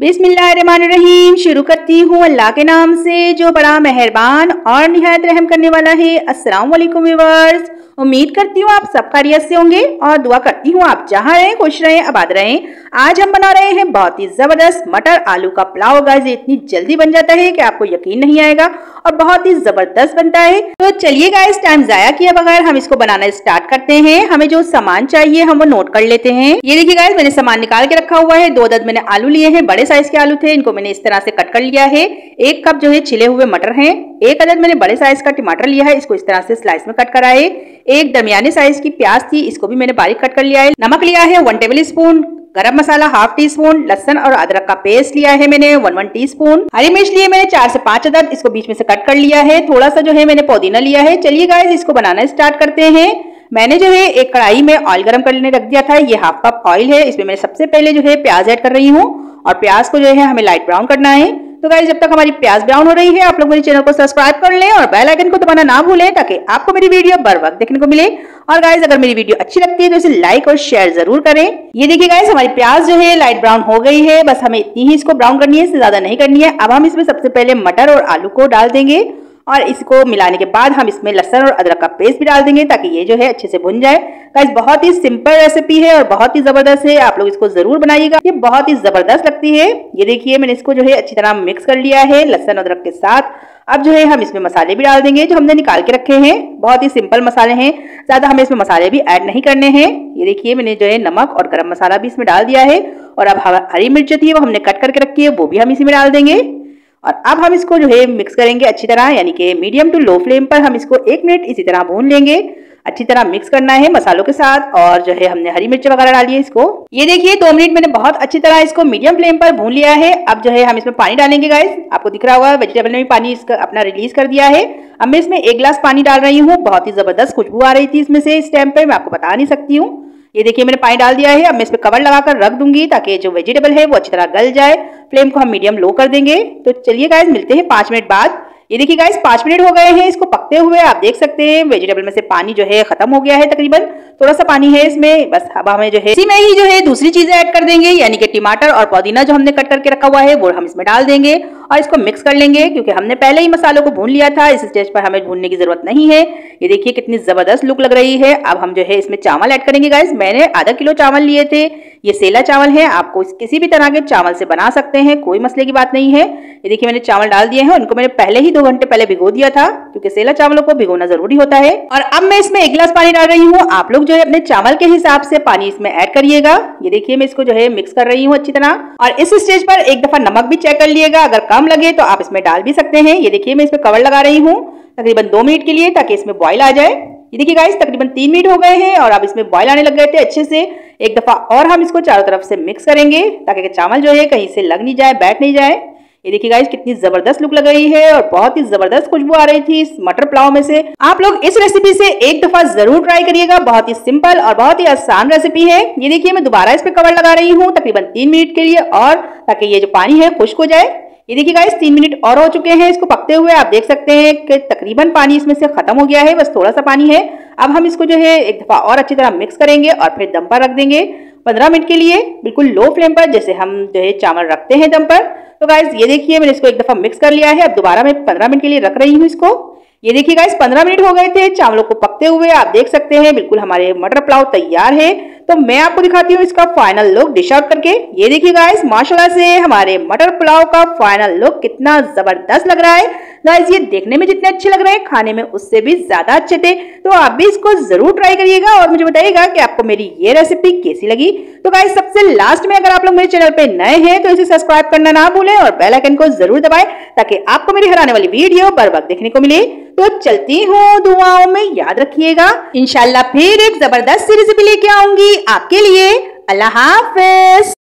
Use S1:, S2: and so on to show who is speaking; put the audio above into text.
S1: बिसमीम शुरू करती हूँ अल्लाह के नाम से जो बड़ा मेहरबान और नहायत रहम करने वाला है अस्सलाम वालेकुम उम्मीद करती हूँ आप सब खैरियत से होंगे और दुआ करती हूँ आप जहाँ रहें खुश रहें आबाद रहें आज हम बना रहे हैं बहुत ही ज़बरदस्त मटर आलू का पुलाव गाइस इतनी जल्दी बन जाता है कि आपको यकीन नहीं आएगा और बहुत ही ज़बरदस्त बनता है तो चलिए गाइस टाइम ज़ाया किया बगैर हम इसको बनाना स्टार्ट करते हैं हमें जो सामान चाहिए हम वो नोट कर लेते हैं ये देखिए गाइस मैंने सामान निकाल के रखा हुआ है दो दर्द मैंने आलू लिए हैं बड़े साइज के आलू थे इनको मैंने इस तरह से कट कर लिया है एक कप जो है छिले हुए मटर हैं एक अदद मैंने बड़े साइज का टमाटर लिया है इसको इस तरह से स्लाइस में कट कराए एक दमियाने साइज की प्याज थी इसको भी मैंने बारीक कट कर लिया है नमक लिया है वन टेबल स्पून गरम मसाला हाफ टी स्पून लहसन और अदरक का पेस्ट लिया है मैंने वन वन टी स्पून हरी मिर्च लिए मैंने चार से पांच अदद इसको बीच में से कट कर लिया है थोड़ा सा जो है मैंने पुदीना लिया है चलिए गाइज इसको बनाना स्टार्ट करते हैं मैंने जो है एक कढ़ाई में ऑयल गरम करने रख दिया था ये हाफ कप ऑयल है इसमें मैं सबसे पहले जो है प्याज ऐड कर रही हूँ और प्याज को जो है हमें लाइट ब्राउन करना है तो गाइज जब तक हमारी प्याज ब्राउन हो रही है आप लोग मेरे चैनल को सब्सक्राइब कर लें और बेल आइकन को दबाना ना भूलें ताकि आपको मेरी वीडियो बर वक्त देखने को मिले और गाइज अगर मेरी वीडियो अच्छी लगती है तो इसे लाइक और शेयर जरूर करें ये देखिए गाइज हमारी प्याज जो है लाइट ब्राउन हो गई है बस हमें इतनी ही इसको ब्राउन करनी है इससे ज्यादा नहीं करनी है अब हम इसमें सबसे पहले मटर और आलू को डाल देंगे और इसको मिलाने के बाद हम इसमें लहसन और अदरक का पेस्ट भी डाल देंगे ताकि ये जो है अच्छे से भुन जाए गाइस बहुत ही सिंपल रेसिपी है और बहुत ही जबरदस्त है आप लोग इसको जरूर बनाइएगा ये बहुत ही जबरदस्त लगती है ये देखिए मैंने इसको जो है अच्छी तरह मिक्स कर लिया है लहसन अदरक के साथ अब जो है हम इसमें मसाले भी डाल देंगे जो हमने निकाल के रखे हैं बहुत ही सिंपल मसाले हैं ज़्यादा हमें इसमें मसाले भी ऐड नहीं करने हैं ये देखिए मैंने जो है नमक और गरम मसाला भी इसमें डाल दिया है और अब हरी मिर्च थी वो हमने कट करके रखी है वो भी हम इसी में डाल देंगे और अब हम इसको जो है मिक्स करेंगे अच्छी तरह यानी कि मीडियम टू लो फ्लेम पर हम इसको एक मिनट इसी तरह भून लेंगे अच्छी तरह मिक्स करना है मसालों के साथ और जो है हमने हरी मिर्च वगैरह डाली है इसको ये देखिए दो मिनट मैंने बहुत अच्छी तरह इसको मीडियम फ्लेम पर भून लिया है अब जो है हम इसमें पानी डालेंगे गाइस आपको दिख रहा होगा वेजिटेबल ने भी पानी इसका अपना रिलीज कर दिया है अब मैं इसमें एक गिलास पानी डाल रही हूँ बहुत ही जबरदस्त खुशबू आ रही थी इसमें से इस टाइम पर मैं आपको बता नहीं सकती हूँ ये देखिए मैंने पानी डाल दिया है अब मैं इस पर कवर लगाकर रख दूंगी ताकि जो वेजिटेबल है वो अच्छी तरह गल जाए फ्लेम को हम मीडियम लो कर देंगे तो चलिए गाइज मिलते हैं पाँच मिनट बाद ये देखिए गाइस पाँच मिनट हो गए हैं इसको पकते हुए आप देख सकते हैं वेजिटेबल में से पानी जो है खत्म हो गया है तकरीबन थोड़ा सा पानी है इसमें बस अब हमें जो है इसी में ही जो है दूसरी चीजें ऐड कर देंगे यानी कि टमाटर और पुदीना जो हमने कट करके रखा हुआ है वो हम इसमें डाल देंगे और इसको मिक्स कर लेंगे क्योंकि हमने पहले ही मसालों को भून लिया था इस स्टेज पर हमें भूनने की जरूरत नहीं है ये देखिए कितनी जबरदस्त लुक लग रही है अब हम जो है इसमें चावल ऐड करेंगे गाइस मैंने आधा किलो चावल लिए थे ये सेला चावल है आपको किसी भी तरह के चावल से बना सकते हैं कोई मसले की बात नहीं है ये देखिए मैंने चावल डाल दिए हैं उनको मैंने पहले ही दो घंटे पहले भिगो दिया था क्योंकि सेला चावलों को भिगोना जरूरी होता है और अब मैं इसमें एक गिलास पानी डाल रही हूँ आप लोग जो है अपने चावल के हिसाब से पानी इसमें ऐड करिएगा ये देखिए मैं इसको जो है मिक्स कर रही हूँ अच्छी तरह और इस स्टेज पर एक दफा नमक भी चेक कर लिएगा अगर कम लगे तो आप इसमें डाल भी सकते हैं ये देखिए मैं इसमें कवर लगा रही हूँ तकरीबन दो मिनट के लिए ताकि इसमें बॉयल आ जाए ये देखिए गाइस तकरीबन तीन मिनट हो गए हैं और अब इसमें बॉयल आने लग गए थे अच्छे से एक दफ़ा और हम इसको चारों तरफ से मिक्स करेंगे ताकि चावल जो है कहीं से लग नहीं जाए बैठ नहीं जाए ये देखिए गाइस कितनी जबरदस्त लुक लग रही है और बहुत ही जबरदस्त खुशबू आ रही थी इस मटर पुलाव में से आप लोग इस रेसिपी से एक दफा जरूर ट्राई करिएगा बहुत ही सिंपल और बहुत ही आसान रेसिपी है ये देखिए मैं दोबारा इस पर कवर लगा रही हूँ तकरीबन तीन मिनट के लिए और ताकि ये जो पानी है खुश्क हो जाए ये देखिए गाइस तीन मिनट और हो चुके हैं इसको पकते हुए आप देख सकते हैं कि तकरीबन पानी इसमें से खत्म हो गया है बस थोड़ा सा पानी है अब हम इसको जो है एक दफ़ा और अच्छी तरह मिक्स करेंगे और फिर दम पर रख देंगे पंद्रह मिनट के लिए बिल्कुल लो फ्लेम पर जैसे हम जो है चावल रखते हैं दम पर तो गाइस ये देखिए मैंने इसको एक दफ़ा मिक्स कर लिया है अब दोबारा मैं पंद्रह मिनट के लिए रख रही हूँ इसको ये देखिए गाइस पंद्रह मिनट हो गए थे चावलों को पकते हुए आप देख सकते हैं बिल्कुल हमारे मटर पुलाव तैयार है तो मैं आपको दिखाती हूँ इसका फाइनल लुक डिश आउट करके ये देखिए गाइस माशाल्लाह से हमारे मटर पुलाव का फाइनल लुक कितना जबरदस्त लग रहा है गाइज ये देखने में जितने अच्छे लग रहे हैं खाने में उससे भी ज्यादा अच्छे थे तो आप भी इसको जरूर ट्राई करिएगा और मुझे बताइएगा कि आपको मेरी ये रेसिपी कैसी लगी तो गाइज सबसे लास्ट में अगर आप लोग मेरे चैनल पे नए हैं तो इसे सब्सक्राइब करना ना भूलें और बेल आइकन को जरूर दबाए ताकि आपको मेरी हराने वाली वीडियो बर वक्त देखने को मिले तो चलती हूँ दुआओं में याद रखिएगा इनशाला फिर एक जबरदस्त रेसिपी लेके आऊंगी आपके लिए अल्लाह हाफिज